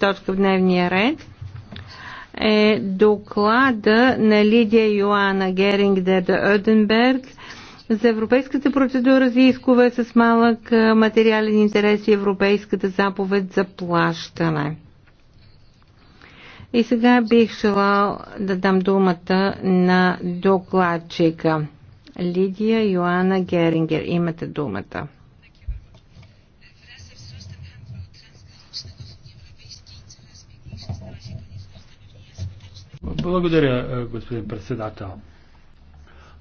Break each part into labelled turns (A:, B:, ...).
A: точка в дневния ред е доклада на Лидия Йоанна Геринг де Оденберг за европейската процедура за искове с малък материален интерес и европейската заповед за плащане. И сега бих желал да дам думата на докладчика. Лидия Йоанна Герингер, имате думата.
B: Благодаря, е, господин председател.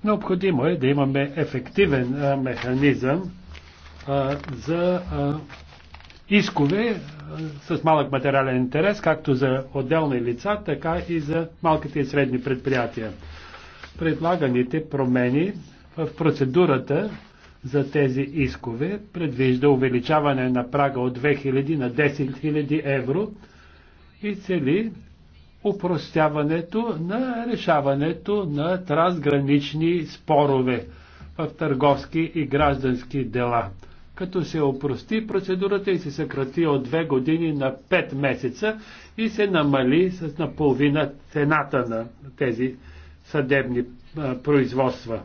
B: Необходимо е да имаме ефективен е, механизъм е, за искове с малък материален интерес, както за отделни лица, така и за малките и средни предприятия. Предлаганите промени в процедурата за тези искове предвижда увеличаване на прага от 2000 на 10 000 евро и цели упростяването на решаването на трансгранични спорове в търговски и граждански дела. Като се опрости процедурата и се съкрати от две години на 5 месеца и се намали с наполовина цената на тези съдебни производства.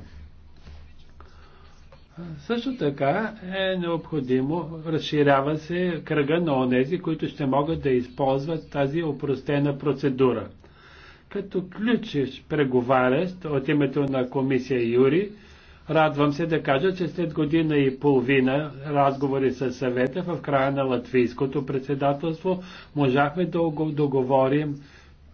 B: Също така е необходимо, разширява се кръга на онези, които ще могат да използват тази опростена процедура. Като ключиш преговарящ от името на комисия Юри, радвам се да кажа, че след година и половина разговори с съвета в края на латвийското председателство можахме да договорим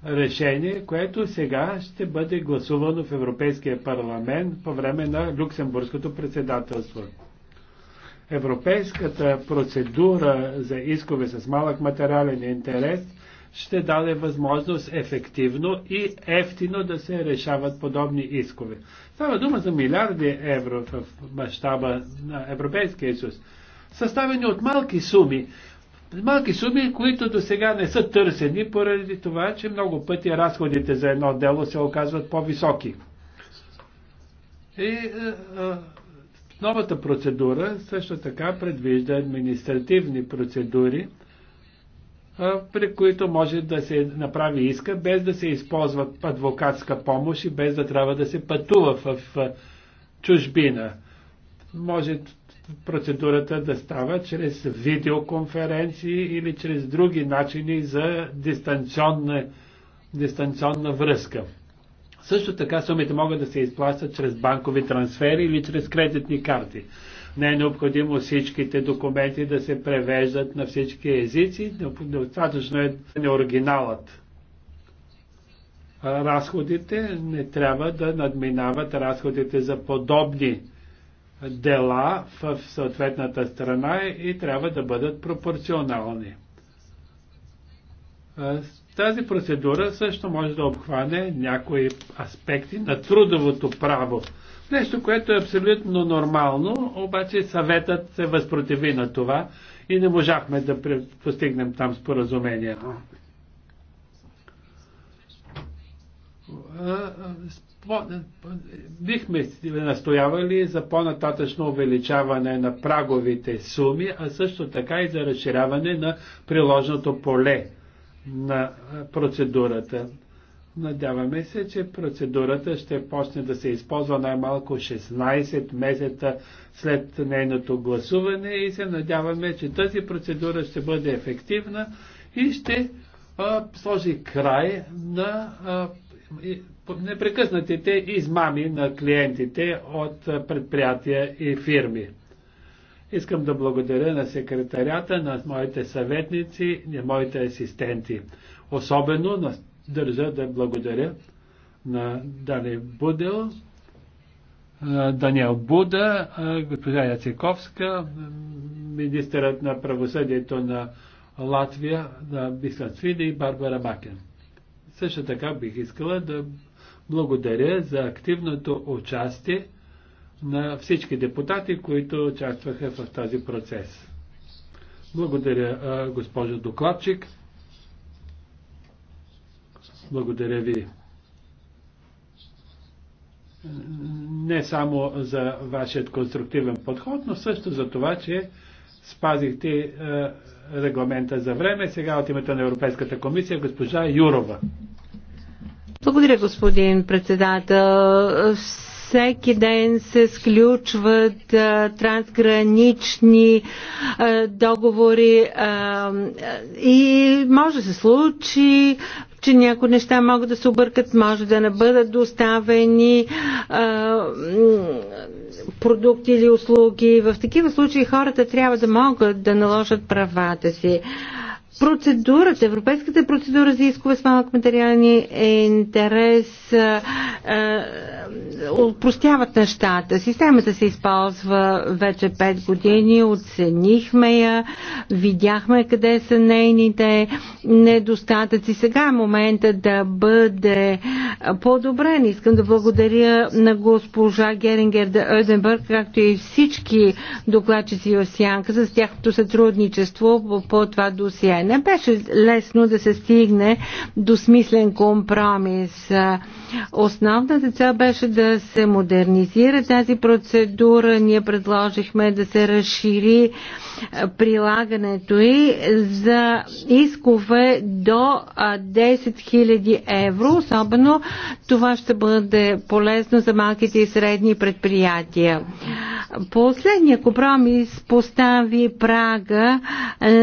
B: решение, което сега ще бъде гласувано в Европейския парламент по време на Люксембургското председателство. Европейската процедура за искове с малък материален интерес ще даде възможност ефективно и ефтино да се решават подобни искове. Става дума за милиарди евро в мащаба на Европейския съюз, съставени от малки суми, Малки суми, които до сега не са търсени, поради това, че много пъти разходите за едно дело се оказват по-високи. И а, е, е, новата процедура също така предвижда административни процедури, а, е, при които може да се направи иска, без да се използва адвокатска помощ и без да трябва да се пътува в, в чужбина. Може процедурата да става чрез видеоконференции или чрез други начини за дистанционна, дистанционна връзка. Също така сумите могат да се изплащат чрез банкови трансфери или чрез кредитни карти. Не е необходимо всичките документи да се превеждат на всички езици, достатъчно е не оригиналът. Разходите не трябва да надминават разходите за подобни дела в съответната страна и трябва да бъдат пропорционални. Тази процедура също може да обхване някои аспекти на трудовото право. Нещо, което е абсолютно нормално, обаче съветът се възпротиви на това и не можахме да постигнем там споразумение по, бихме настоявали за по-нататъчно увеличаване на праговите суми, а също така и за разширяване на приложното поле на процедурата. Надяваме се, че процедурата ще почне да се използва най-малко 16 месеца след нейното гласуване и се надяваме, че тази процедура ще бъде ефективна и ще а, сложи край на а, непрекъснатите измами на клиентите от предприятия и фирми. Искам да благодаря на секретарята, на моите съветници, на моите асистенти. Особено на, държа да благодаря на Дани Будел, Даниел Буда, госпожа Яциковска, министърът на правосъдието на Латвия, на Бислат свиде и Барбара Макен. Също така бих искала да благодаря за активното участие на всички депутати, които участваха в този процес. Благодаря, госпожо докладчик. Благодаря ви не само за вашият конструктивен подход, но също за това, че спазихте регламента за време. Сега от името на Европейската комисия госпожа Юрова.
A: Благодаря, господин председател. Всеки ден се сключват а, трансгранични а, договори а, и може да се случи че някои неща могат да се объркат, може да не бъдат доставени а, продукти или услуги. В такива случаи хората трябва да могат да наложат правата си. Процедурата, европейската процедура за искове с малък материален е интерес е, упростяват нещата. Системата се използва вече 5 години, оценихме я, видяхме къде са нейните недостатъци. Сега е момента да бъде по-добрен. Искам да благодаря на госпожа Герингер де Оденбърг, както и всички докладчици в Сянка за тяхното сътрудничество по, по това досие. Не беше лесно да се стигне до смислен компромис. Основната цел беше да се модернизира тази процедура. Ние предложихме да се разшири е, прилагането и за искове до 10 е, 000 евро. Особено това ще бъде полезно за малките и средни предприятия. Последния компромис постави прага е, е,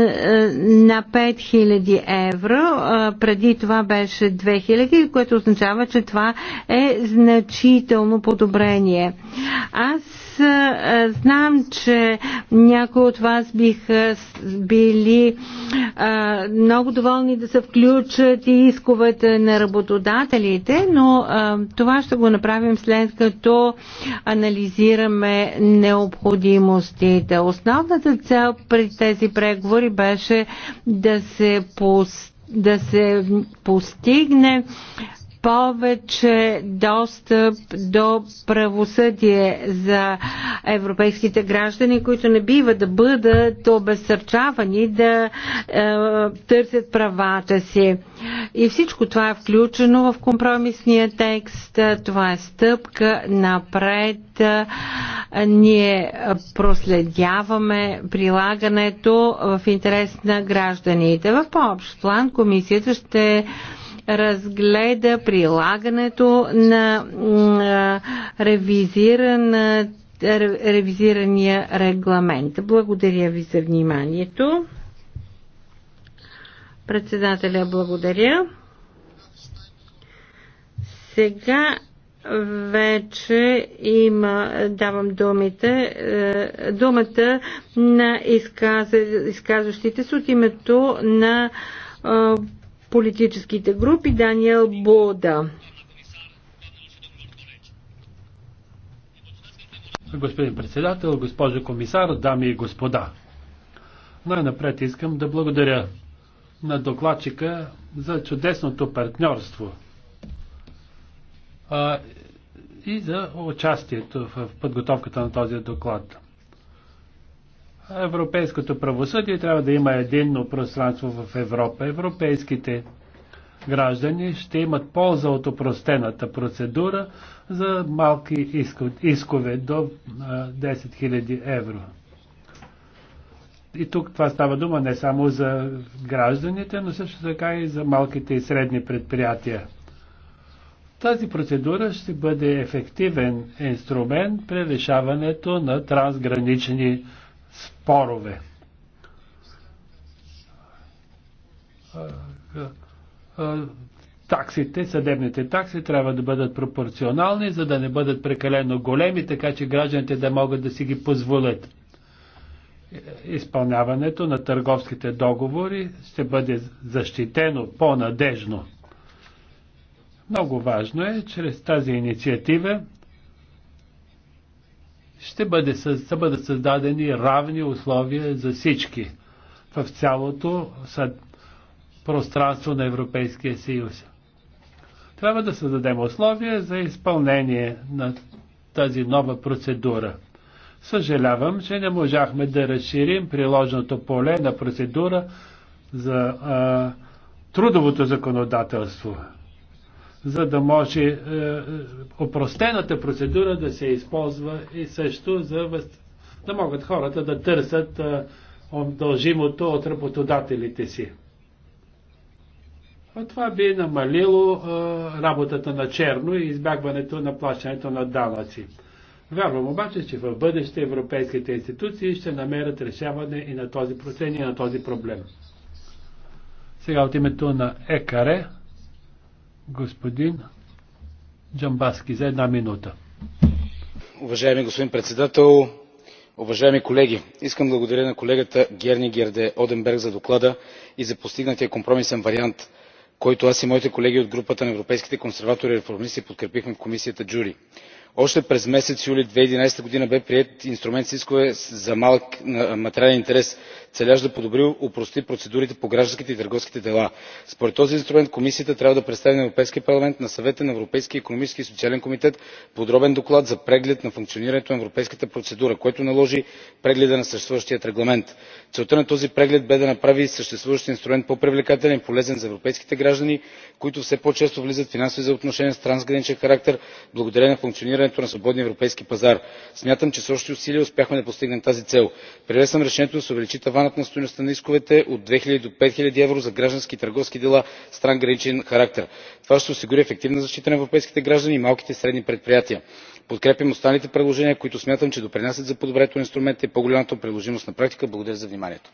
A: на 5000 евро. Е, преди това беше 2000, което означава, че това е значително подобрение. Аз знам, че някои от вас биха били много доволни да се включат и исковете на работодателите, но това ще го направим след като анализираме необходимостите. Основната цел при тези преговори беше да се пост да се постигне повече достъп до правосъдие за европейските граждани, които не бива да бъдат обезсърчавани да е, търсят правата си. И всичко това е включено в компромисния текст. Това е стъпка напред. Ние проследяваме прилагането в интерес на гражданите. В по-общ план комисията ще разгледа прилагането на ревизирана ревизирания регламент. Благодаря ви за вниманието. Председателя, благодаря. Сега вече има, давам думите, е, думата на изказ, изказващите се от името на е, политическите групи Даниел Бода.
B: Господин председател, госпожо комисар, дами и господа. Най-напред искам да благодаря на докладчика за чудесното партньорство а, и за участието в подготовката на този доклад. Европейското правосъдие трябва да има единно пространство в Европа. Европейските граждани ще имат полза от опростената процедура за малки искове до 10 000 евро. И тук това става дума не само за гражданите, но също така и за малките и средни предприятия. Тази процедура ще бъде ефективен инструмент при решаването на трансгранични спорове. Таксите, съдебните такси трябва да бъдат пропорционални, за да не бъдат прекалено големи, така че гражданите да могат да си ги позволят. Изпълняването на търговските договори ще бъде защитено по-надежно. Много важно е чрез тази инициатива ще, бъде, ще бъдат създадени равни условия за всички в цялото пространство на Европейския съюз. Трябва да създадем условия за изпълнение на тази нова процедура. Съжалявам, че не можахме да разширим приложното поле на процедура за а, трудовото законодателство за да може е, е, опростената процедура да се използва и също за въз... да могат хората да търсят е, дължимото от работодателите си. А това би намалило работата на черно и избягването на плащането на данъци. Вярвам обаче, че в бъдеще европейските институции ще намерят решаване и на този процент и на този проблем. Сега от името на ЕКАРЕ господин Джамбаски за една минута.
C: Уважаеми господин председател, уважаеми колеги! Искам да благодаря на колегата Герни Герде Оденберг за доклада и за постигнатия компромисен вариант, който аз и моите колеги от групата на европейските консерватори и реформисти подкрепихме в комисията Джури още през месец юли 2011 г. бе приет инструмент с искове за малък материален интерес целящ да подобри и опрости процедурите по гражданските и търговските дела. според този инструмент комисията трябва да представи на европейския парламент на съвета на европейския икономически и социален комитет подробен доклад за преглед на функционирането на европейската процедура което наложи прегледа на съществуващия регламент. целта на този преглед бе да направи съществуващия инструмент по привлекателен и полезен за европейските граждани които все по често влизат в финансови взаимоотношения с трансграничен характер благодарение на функционирането функционирането на свободния европейски пазар. смятам че с общи усилия успяхме да постигнем тази цел. приветствам решението да се увеличи таванът на стойността на исковете от 2000 до 5000 евро за граждански и търговски дела с трансграничен характер. това ще осигури ефективна защита на европейските граждани и малките и средни предприятия. подкрепям останалите предложения които смятам че допринасят за подобряването на инструмента и по голямата му приложимост на практика. благодаря за вниманието.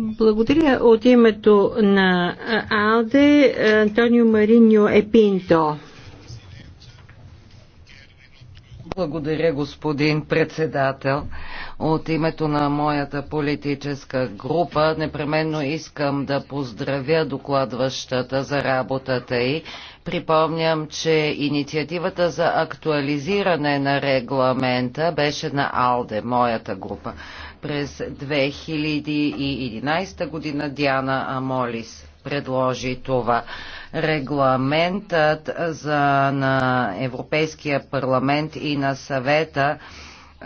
A: Благодаря от името на АЛДЕ Антонио Мариньо Епинто. Благодаря,
D: господин председател. От името на моята политическа група непременно искам да поздравя докладващата за работата й. Припомням, че инициативата за актуализиране на регламента беше на АЛДЕ, моята група. През 2011 година Диана Амолис предложи това. Регламентът за, на Европейския парламент и на съвета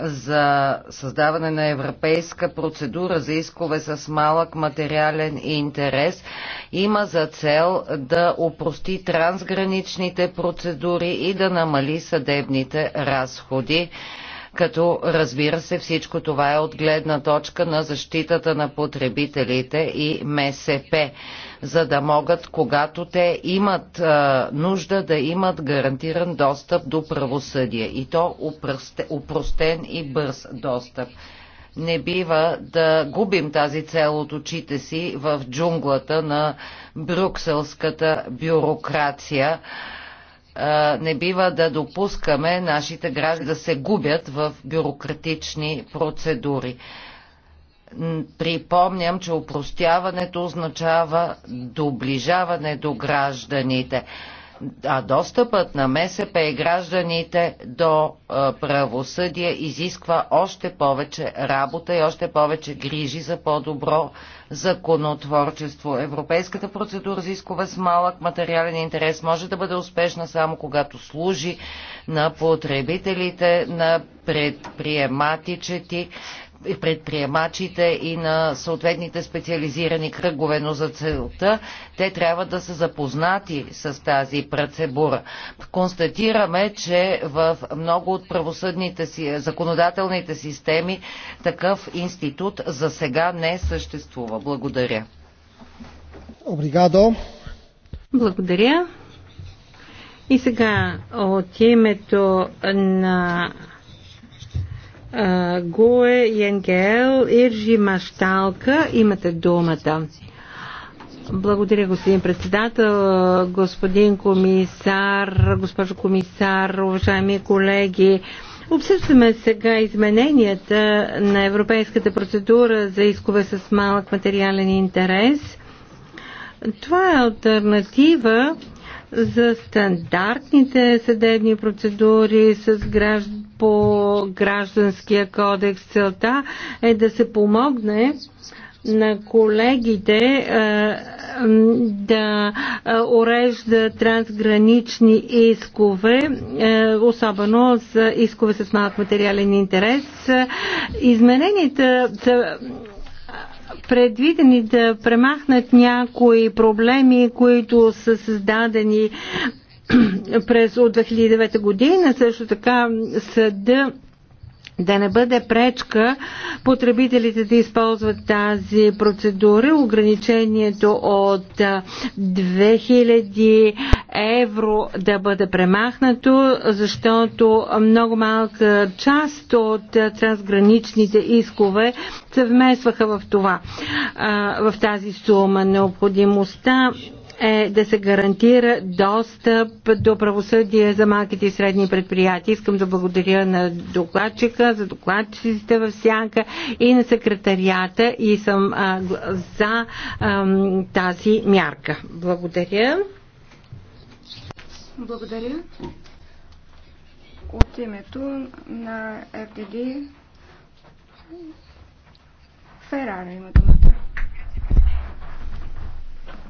D: за създаване на европейска процедура за искове с малък материален интерес има за цел да опрости трансграничните процедури и да намали съдебните разходи като разбира се всичко това е от гледна точка на защитата на потребителите и МСП, за да могат, когато те имат а, нужда, да имат гарантиран достъп до правосъдие и то упростен и бърз достъп не бива да губим тази цел от очите си в джунглата на брюкселската бюрокрация не бива да допускаме нашите граждани да се губят в бюрократични процедури. Припомням, че упростяването означава доближаване до гражданите, а достъпът на МСП и гражданите до правосъдие изисква още повече работа и още повече грижи за по-добро законотворчество. Европейската процедура за изкова с малък материален интерес може да бъде успешна само когато служи на потребителите, на предприематичети, предприемачите и на съответните специализирани кръгове, но за целта те трябва да са запознати с тази процедура. Констатираме, че в много от правосъдните си, законодателните системи такъв институт за сега не съществува. Благодаря.
A: Обригадо. Благодаря. И сега от името на Гое Янгел, Иржи Машталка. Имате думата. Благодаря, господин председател, господин комисар, госпожо комисар, уважаеми колеги. Обсъждаме сега измененията на европейската процедура за искове с малък материален интерес. Това е альтернатива за стандартните съдебни процедури с гражд... по гражданския кодекс. Целта е да се помогне на колегите е, да е, урежда трансгранични искове, е, особено за искове с малък материален интерес. Измененията са предвидени да премахнат някои проблеми, които са създадени през от 2009 година. Също така съда да не бъде пречка потребителите да използват тази процедура. Ограничението от 2000 евро да бъде премахнато, защото много малка част от трансграничните искове се вмесваха в това, в тази сума. Необходимостта е да се гарантира достъп до правосъдие за малките и средни предприятия. Искам да благодаря на докладчика, за докладчиците в Сянка и на секретарията и съм а, за а, тази мярка. Благодаря.
E: Благодаря. От името на ФДД Ферара има думата.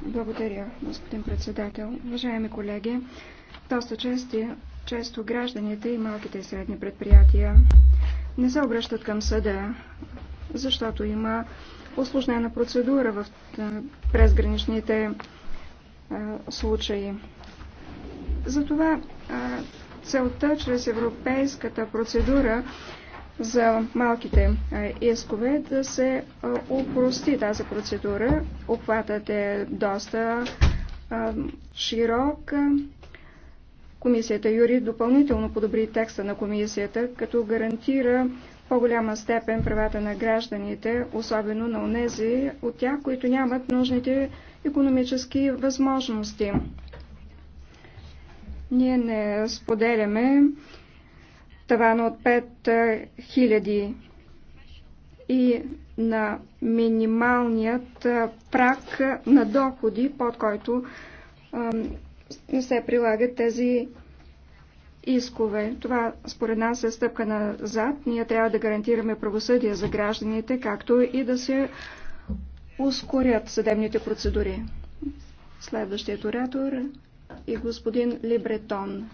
E: Благодаря, господин председател. Уважаеми колеги, доста чести, често гражданите и малките и средни предприятия не се обръщат към съда, защото има осложнена процедура в презграничните случаи. Затова целта чрез европейската процедура за малките искове да се упрости тази процедура. Обхватът е доста широк. Комисията Юри допълнително подобри текста на комисията, като гарантира по-голяма степен правата на гражданите, особено на унези, от тях, които нямат нужните економически възможности. Ние не споделяме таван от 5000 и на минималният прак на доходи, под който не се прилагат тези искове. Това според нас е стъпка назад. Ние трябва да гарантираме правосъдие за гражданите, както и да се ускорят съдебните процедури. Следващият оратор и е господин Либретон.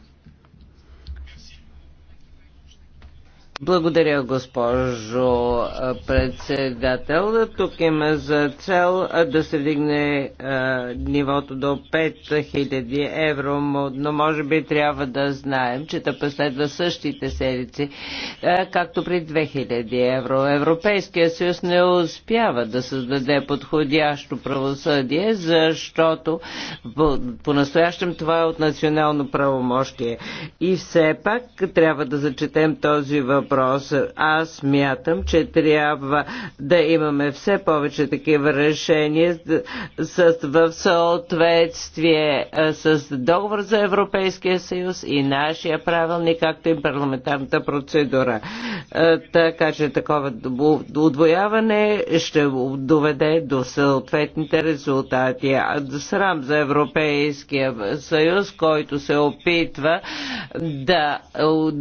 F: Благодаря, госпожо председател. Тук има за цел да се дигне а, нивото до 5000 евро, но може би трябва да знаем, че да последва същите седици, а, както при 2000 евро. Европейския съюз не успява да създаде подходящо правосъдие, защото по-настоящем по това е от национално правомощие. И все пак трябва да зачетем този въпрос въпрос. Аз мятам, че трябва да имаме все повече такива решения с, в съответствие с договор за Европейския съюз и нашия правилник, както и парламентарната процедура. Така че такова удвояване ще доведе до съответните резултати. Срам за Европейския съюз, който се опитва да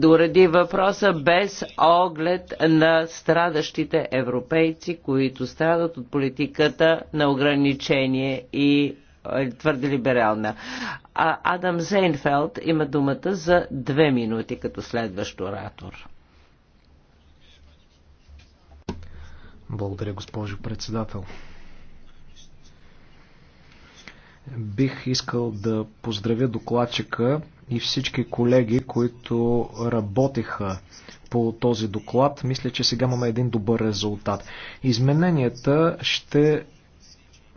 F: уреди въпроса без оглед на страдащите европейци, които страдат от политиката на ограничение и е, твърде либерална. А Адам Зейнфелд има думата за две минути като следващ оратор.
G: Благодаря, госпожо председател. Бих искал да поздравя докладчика и всички колеги, които работеха по този доклад. Мисля, че сега имаме един добър резултат. Измененията ще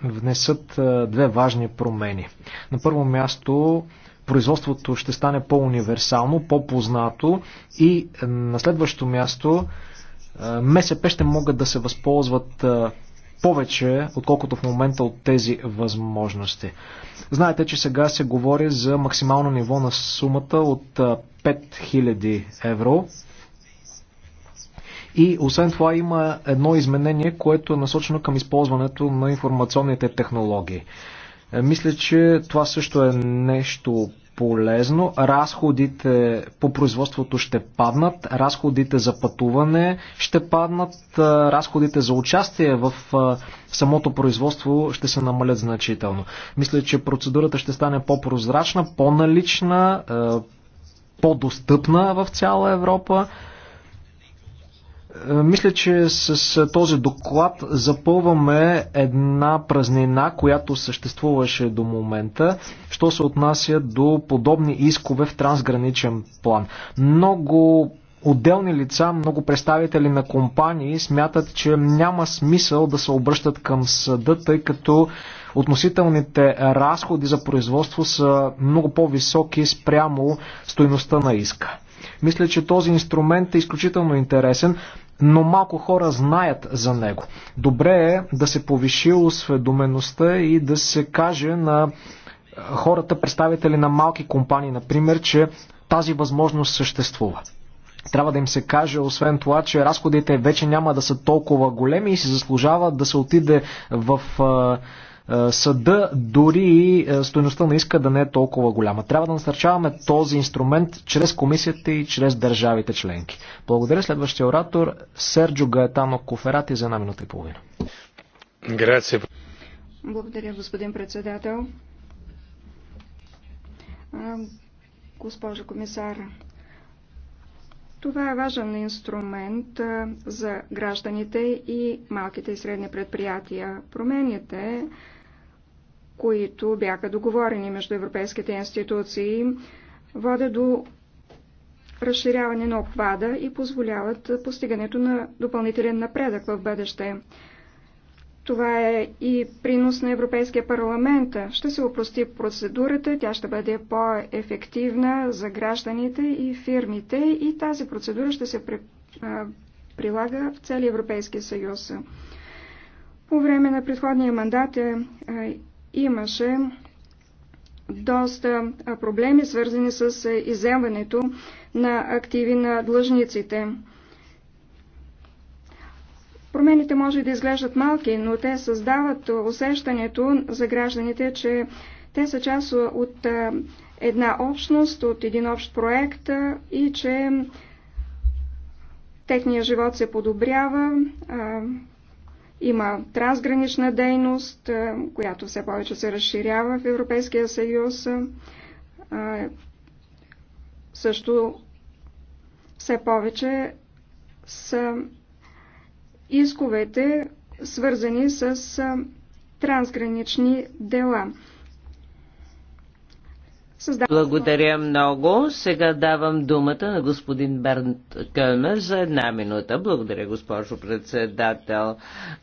G: внесат две важни промени. На първо място производството ще стане по-универсално, по-познато и на следващо място МСП ще могат да се възползват повече, отколкото в момента от тези възможности. Знаете, че сега се говори за максимално ниво на сумата от 5000 евро. И освен това има едно изменение, което е насочено към използването на информационните технологии. Е, мисля, че това също е нещо полезно. Разходите по производството ще паднат, разходите за пътуване ще паднат, е, разходите за участие в е, самото производство ще се намалят значително. Мисля, че процедурата ще стане по-прозрачна, по-налична, по-достъпна в цяла Европа. Е, мисля, че с този доклад запълваме една празнина, която съществуваше до момента, що се отнася до подобни искове в трансграничен план. Много отделни лица, много представители на компании смятат, че няма смисъл да се обръщат към съда, тъй като относителните разходи за производство са много по-високи спрямо стоеността на иска. Мисля, че този инструмент е изключително интересен но малко хора знаят за него. Добре е да се повиши осведомеността и да се каже на хората, представители на малки компании, например, че тази възможност съществува. Трябва да им се каже, освен това, че разходите вече няма да са толкова големи и се заслужава да се отиде в е, съда дори и е, стоеността на иска да не е толкова голяма. Трябва да насърчаваме този инструмент чрез комисията и чрез държавите членки. Благодаря следващия оратор Серджо Гаетано Коферати за една минута и половина.
C: Грация.
E: Благодаря, господин председател. Госпожо комисар, това е важен инструмент за гражданите и малките и средни предприятия. Промените които бяха договорени между европейските институции, водят до разширяване на обхвада и позволяват постигането на допълнителен напредък в бъдеще. Това е и принос на Европейския парламент. Ще се опрости процедурата, тя ще бъде по-ефективна за гражданите и фирмите и тази процедура ще се при, а, прилага в целия Европейския съюз. По време на предходния мандат е, имаше доста проблеми, свързани с иземването на активи на длъжниците. Промените може да изглеждат малки, но те създават усещането за гражданите, че те са част от една общност, от един общ проект и че техният живот се подобрява, има трансгранична дейност, която все повече се разширява в Европейския съюз. Също все повече са исковете, свързани с трансгранични дела. Създава...
F: Благодаря много. Сега давам думата на господин Бернт Кълмер за една минута. Благодаря, госпожо председател.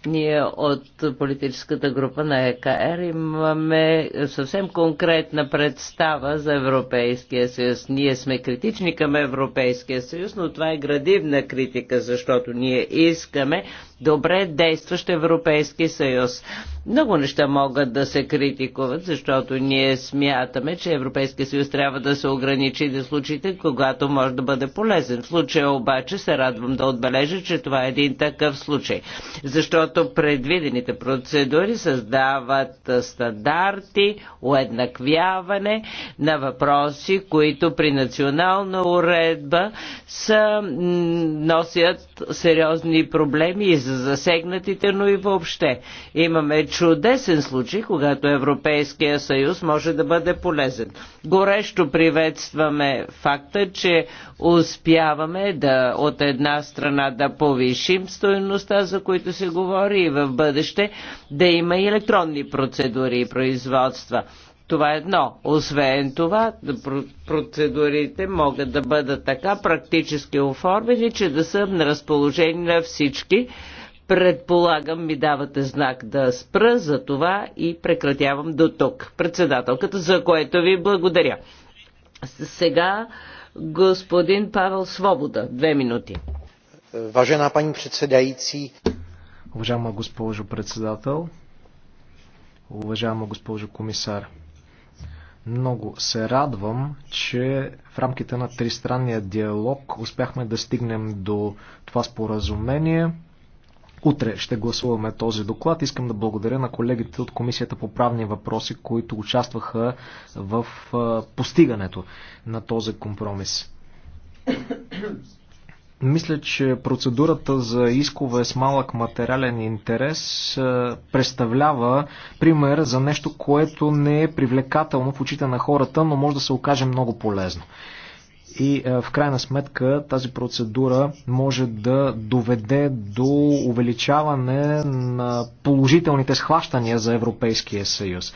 F: Ние от политическата група на ЕКР имаме съвсем конкретна представа за Европейския съюз. Ние сме критични към Европейския съюз, но това е градивна критика, защото ние искаме добре действащ Европейски съюз. Много неща могат да се критикуват, защото ние смятаме, че Европейския съюз трябва да се ограничи до случаите, когато може да бъде полезен. В случая обаче се радвам да отбележа, че това е един такъв случай, защото предвидените процедури създават стандарти, уеднаквяване на въпроси, които при национална уредба са, носят сериозни проблеми и за засегнатите, но и въобще. Имаме чудесен случай, когато Европейския съюз може да бъде полезен. Горещо приветстваме факта, че успяваме да от една страна да повишим стоеността, за които се говори и в бъдеще, да има и електронни процедури и производства. Това е едно. Освен това, процедурите могат да бъдат така практически оформени, че да са на разположение на всички Предполагам, ми давате знак да спра за това и прекратявам до тук. Председателката, за което ви благодаря. Сега господин Павел Свобода. Две минути.
G: Важена пани председайци. Уважаема госпожо председател, уважаема госпожо комисар, много се радвам, че в рамките на тристранния диалог успяхме да стигнем до това споразумение. Утре ще гласуваме този доклад. Искам да благодаря на колегите от Комисията по правни въпроси, които участваха в постигането на този компромис. Мисля, че процедурата за искове с малък материален интерес представлява пример за нещо, което не е привлекателно в очите на хората, но може да се окаже много полезно. И е, в крайна сметка тази процедура може да доведе до увеличаване на положителните схващания за Европейския съюз.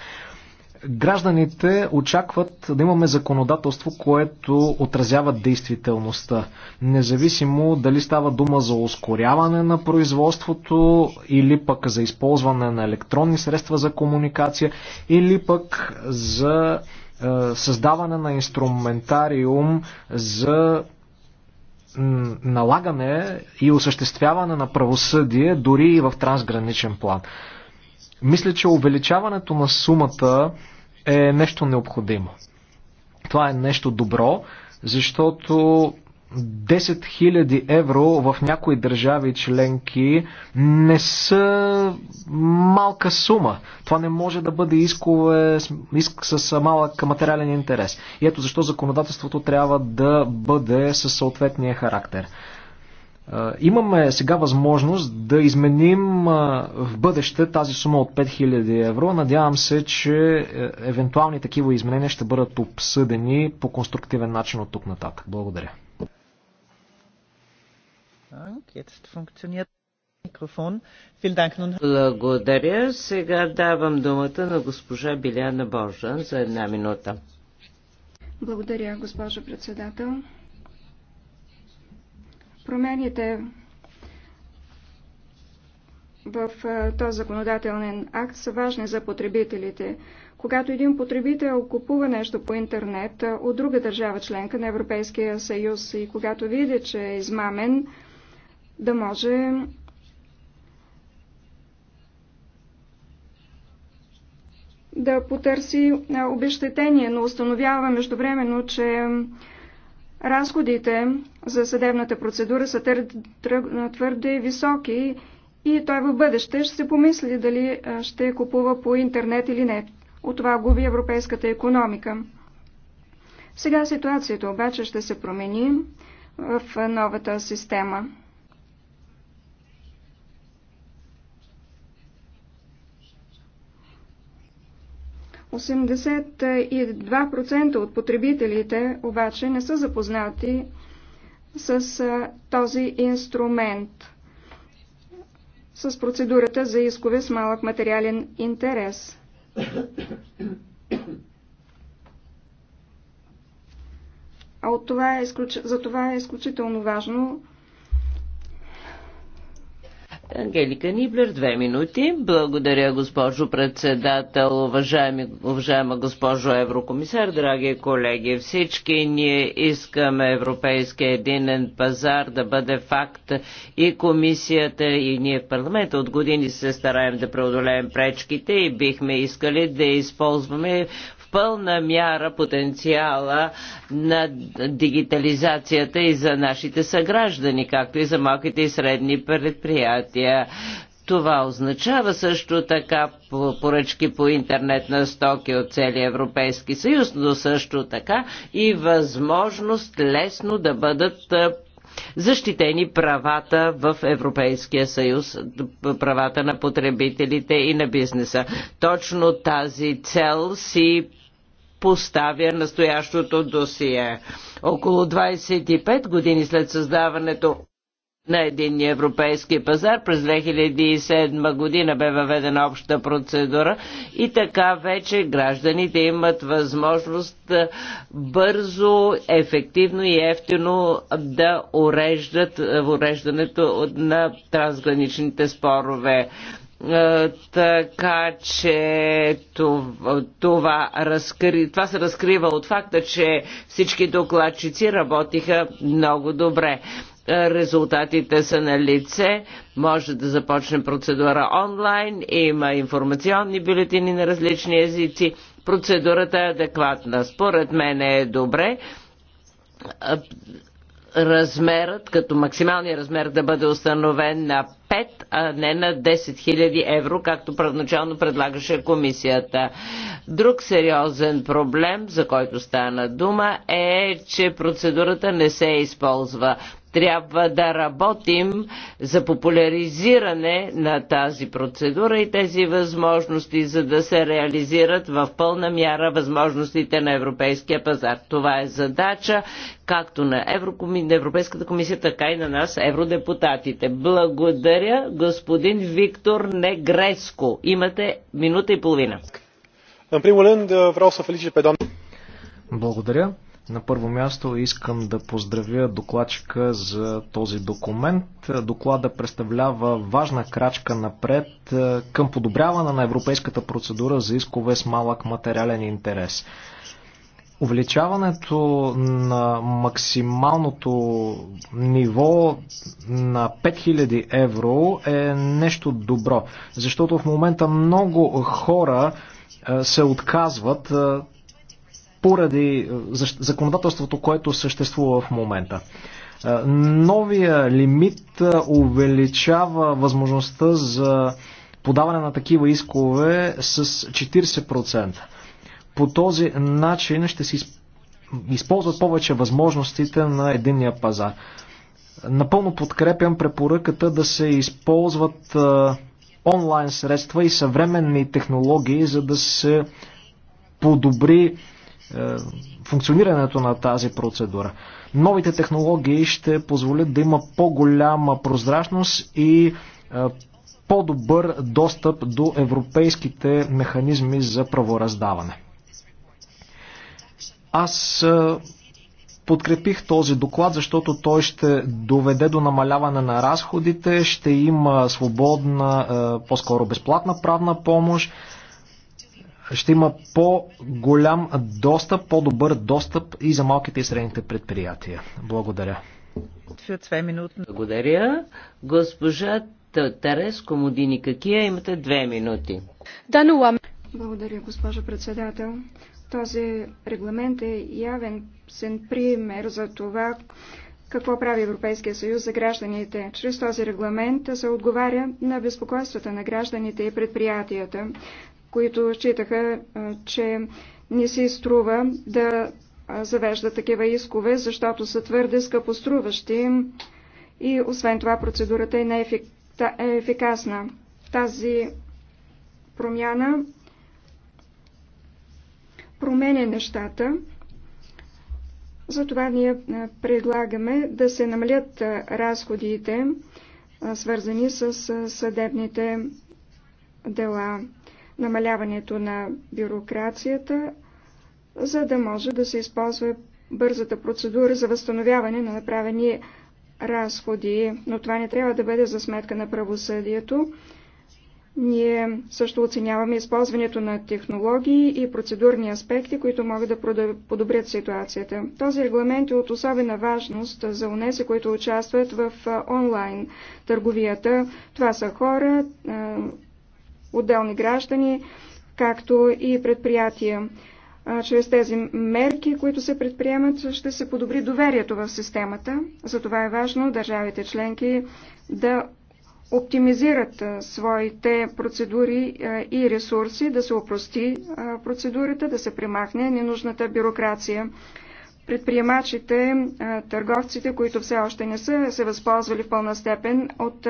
G: Гражданите очакват да имаме законодателство, което отразява действителността. Независимо дали става дума за ускоряване на производството или пък за използване на електронни средства за комуникация или пък за е, създаване на инструментариум за налагане и осъществяване на правосъдие дори и в трансграничен план. Мисля, че увеличаването на сумата е нещо необходимо. Това е нещо добро, защото 10 000 евро в някои държави членки не са малка сума. Това не може да бъде искове, иск с малък материален интерес. И ето защо законодателството трябва да бъде със съответния характер. Имаме сега възможност да изменим в бъдеще тази сума от 5000 евро. Надявам се, че е, евентуални такива изменения ще бъдат обсъдени по конструктивен начин от тук нататък. Благодаря. Благодаря.
F: Сега давам думата на госпожа Биляна Боржан за една минута.
E: Благодаря, госпожо председател. Промените в този законодателен акт са важни за потребителите. Когато един потребител купува нещо по интернет от друга държава членка на Европейския съюз и когато види, че е измамен, да може да потърси обещетение, но установява междувременно, че разходите за съдебната процедура са твърде високи и той в бъдеще ще се помисли дали ще купува по интернет или не. От това губи европейската економика. Сега ситуацията обаче ще се промени в новата система. 82% от потребителите обаче не са запознати с този инструмент, с процедурата за искове с малък материален интерес. А от това е, изключ... за това е изключително важно
F: Ангелика Ниблер, две минути. Благодаря, госпожо председател, уважаеми, уважаема госпожо еврокомисар, драги колеги. Всички ние искаме Европейския единен пазар да бъде факт и комисията, и ние в парламента от години се стараем да преодолеем пречките и бихме искали да използваме пълна мяра потенциала на дигитализацията и за нашите съграждани, както и за малките и средни предприятия. Това означава също така поръчки по интернет на стоки от целия Европейски съюз, но също така и възможност лесно да бъдат защитени правата в Европейския съюз, правата на потребителите и на бизнеса. Точно тази цел си поставя настоящото досие. Около 25 години след създаването на един европейски пазар. През 2007 година бе въведена обща процедура и така вече гражданите имат възможност бързо, ефективно и ефтино да уреждат уреждането на трансграничните спорове. Е, така че това, това, разкри... това се разкрива от факта, че всички докладчици работиха много добре. Е, резултатите са на лице. Може да започне процедура онлайн. Има информационни бюлетини на различни езици. Процедурата е адекватна. Според мен е добре е, размерът, като максималният размер да бъде установен на 5, а не на 10 000 евро, както първоначално предлагаше комисията. Друг сериозен проблем, за който стана дума, е, че процедурата не се използва трябва да работим за популяризиране на тази процедура и тези възможности, за да се реализират в пълна мяра възможностите на европейския пазар. Това е задача както на, Еврокоми... на Европейската комисия, така и на нас, евродепутатите. Благодаря, господин Виктор Негреско. Имате минута и половина.
G: Благодаря. На първо място искам да поздравя докладчика за този документ. Доклада представлява важна крачка напред е, към подобряване на европейската процедура за искове с малък материален интерес. Увеличаването на максималното ниво на 5000 евро е нещо добро, защото в момента много хора е, се отказват е, поради е, законодателството, което съществува в момента. Е, новия лимит е, увеличава възможността за подаване на такива искове с 40%. По този начин ще се използват повече възможностите на единния пазар. Напълно подкрепям препоръката да се използват онлайн средства и съвременни технологии, за да се подобри е, функционирането на тази процедура. Новите технологии ще позволят да има по-голяма прозрачност и е, по-добър достъп до европейските механизми за правораздаване. Аз е, подкрепих този доклад, защото той ще доведе до намаляване на разходите, ще има свободна, по-скоро безплатна правна помощ, ще има по-голям достъп, по-добър достъп и за малките и средните предприятия. Благодаря.
F: Благодаря. Госпожа Тарес Комодини Какия, имате две минути.
E: Благодаря, госпожа председател. Този регламент е явен сен пример за това, какво прави Европейския съюз за гражданите. Чрез този регламент се отговаря на безпокойствата на гражданите и предприятията които считаха, че не си струва да завежда такива искове, защото са твърде скъпоструващи и освен това процедурата е неефикасна. Е Тази промяна променя нещата. Затова ние предлагаме да се намалят разходите, свързани с съдебните дела намаляването на бюрокрацията, за да може да се използва бързата процедура за възстановяване на направени разходи. Но това не трябва да бъде за сметка на правосъдието. Ние също оценяваме използването на технологии и процедурни аспекти, които могат да подобрят ситуацията. Този регламент е от особена важност за унеси, които участват в онлайн търговията. Това са хора, отделни граждани, както и предприятия. Чрез тези мерки, които се предприемат, ще се подобри доверието в системата. Затова е важно държавите членки да оптимизират своите процедури и ресурси, да се опрости процедурата, да се примахне ненужната бюрокрация предприемачите, търговците, които все още не са се възползвали в пълна степен от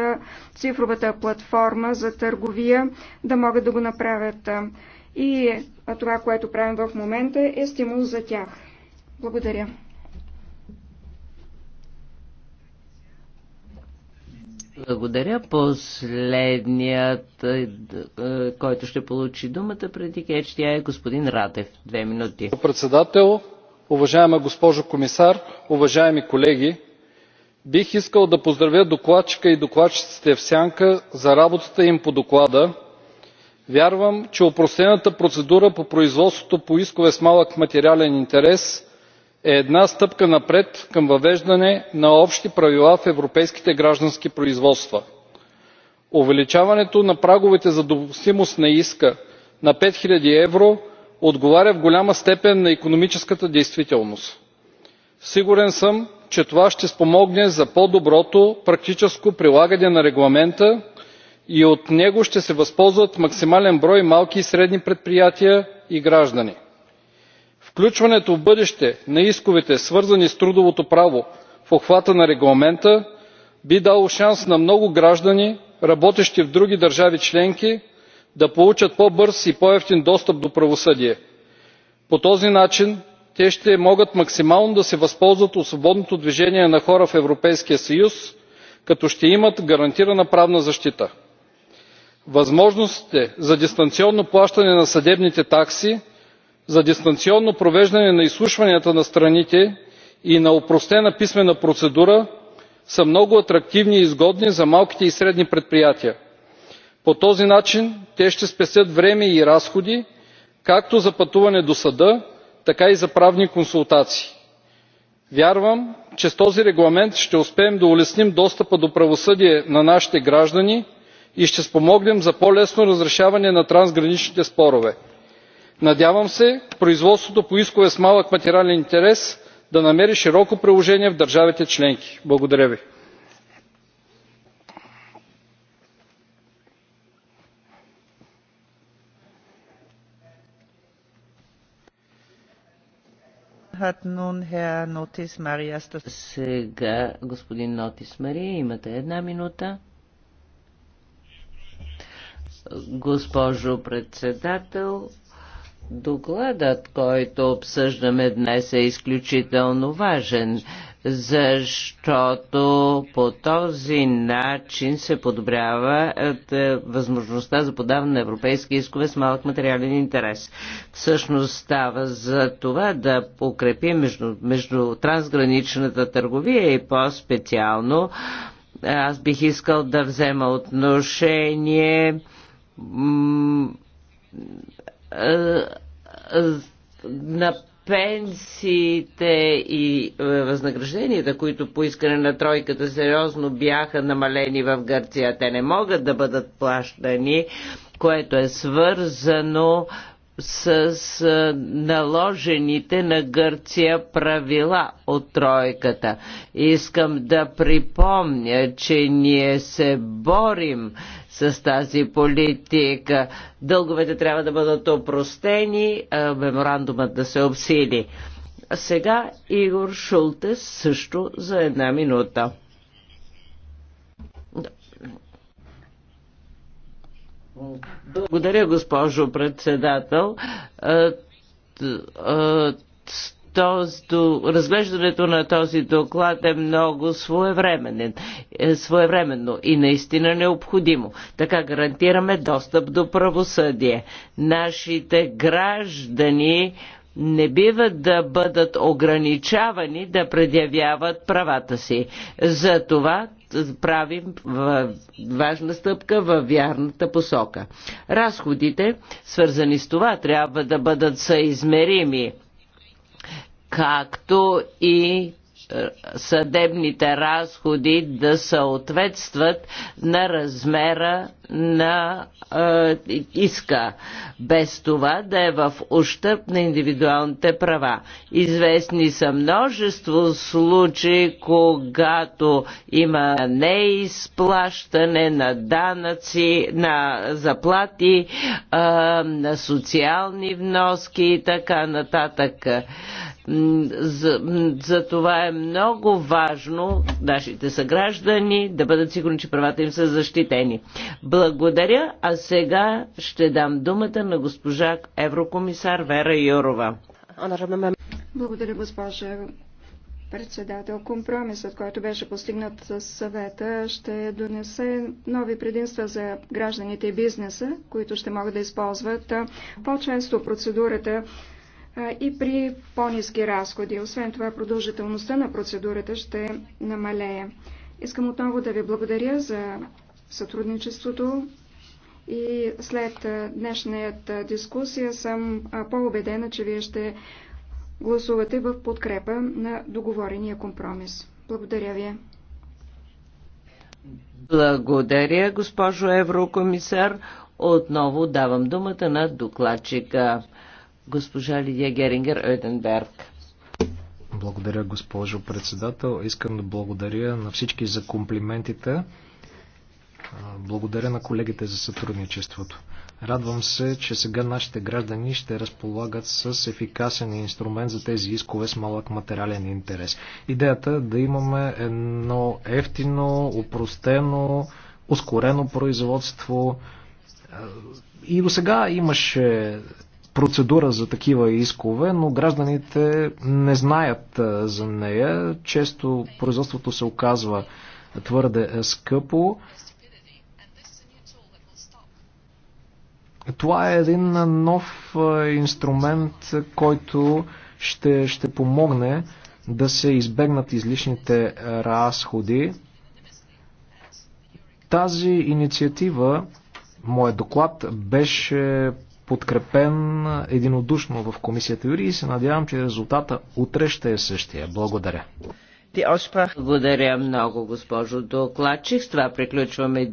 E: цифровата платформа за търговия, да могат да го направят. И това, което правим в момента, е стимул за тях. Благодаря.
F: Благодаря. Последният, който ще
H: получи думата преди Кечтия е господин Ратев. Две минути. Председател, уважаема госпожо комисар уважаеми колеги бих искал да поздравя докладчика и докладчиците в сянка за работата им по доклада. вярвам че опростената процедура по производството по искове с малък материален интерес е една стъпка напред към въвеждане на общи правила в европейските граждански производства. увеличаването на праговете за допустимост на иска на пет хиляди евро отговаря в голяма степен на икономическата действителност. сигурен съм че това ще спомогне за по доброто практическо прилагане на регламента и от него ще се възползват максимален брой малки и средни предприятия и граждани. включването в бъдеще на исковете свързани с трудовото право в обхвата на регламента би дало шанс на много граждани работещи в други държави членки да получат по бърз и по евтин достъп до правосъдие. по този начин те ще могат максимално да се възползват от свободното движение на хора в европейския съюз като ще имат гарантирана правна защита. възможностите за дистанционно плащане на съдебните такси за дистанционно провеждане на изслушванията на страните и на опростена писмена процедура са много атрактивни и изгодни за малките и средни предприятия по този начин те ще спестят време и разходи както за пътуване до съда така и за правни консултации. вярвам че с този регламент ще успеем да улесним достъпа до правосъдие на нашите граждани и ще спомогнем за по лесно разрешаване на трансграничните спорове. надявам се производството по искове с малък материален интерес да намери широко приложение в държавите членки. благодаря ви.
F: Сега, господин Нотис Мария, имате една минута. Госпожо председател, докладът, който обсъждаме днес е изключително важен защото по този начин се подобрява е, възможността за подаване на европейски искове с малък материален интерес. Всъщност става за това да укрепи между, между трансграничната търговия и по-специално е, аз бих искал да взема отношение е, на пенсиите и е, възнагражденията, които по искане на тройката сериозно бяха намалени в Гърция. Те не могат да бъдат плащани, което е свързано с е, наложените на Гърция правила от тройката. Искам да припомня, че ние се борим с тази политика. Дълговете трябва да бъдат опростени, меморандумът да се обсили. А сега Игор Шулте също за една минута. Благодаря, госпожо председател този, разглеждането на този доклад е много своевременен, е, своевременно и наистина необходимо. Така гарантираме достъп до правосъдие. Нашите граждани не бива да бъдат ограничавани да предявяват правата си. За това правим важна стъпка в вярната посока. Разходите, свързани с това, трябва да бъдат съизмерими както и е, съдебните разходи да съответстват на размера на е, иска, без това да е в ущърп на индивидуалните права. Известни са множество случаи, когато има неизплащане на данъци, на заплати, е, на социални вноски и така нататък. За, за това е много важно нашите съграждани да бъдат сигурни, че правата им са защитени. Благодаря, а сега ще дам думата на госпожа Еврокомисар Вера Йорова.
E: Благодаря, госпожа председател. Компромисът, който беше постигнат с съвета, ще донесе нови предимства за гражданите и бизнеса, които ще могат да използват по-често процедурата и при по-низки разходи. Освен това, продължителността на процедурата ще намалее. Искам отново да ви благодаря за сътрудничеството и след днешната дискусия съм по-убедена, че вие ще гласувате в подкрепа на договорения компромис. Благодаря ви.
F: Благодаря, госпожо еврокомисар. Отново давам думата на докладчика госпожа Лидия Герингер Ойденберг.
G: Благодаря, госпожо председател. Искам да благодаря на всички за комплиментите. Благодаря на колегите за сътрудничеството. Радвам се, че сега нашите граждани ще разполагат с ефикасен инструмент за тези искове с малък материален интерес. Идеята е да имаме едно ефтино, упростено, ускорено производство. И до сега имаше процедура за такива искове, но гражданите не знаят за нея. Често производството се оказва твърде е, скъпо. Това е един нов инструмент, който ще, ще помогне да се избегнат излишните разходи. Тази инициатива, моят доклад, беше подкрепен единодушно в комисията Юри и се надявам, че резултата утре ще е
A: същия. Благодаря.
F: Благодаря много, госпожо докладчик. С това приключваме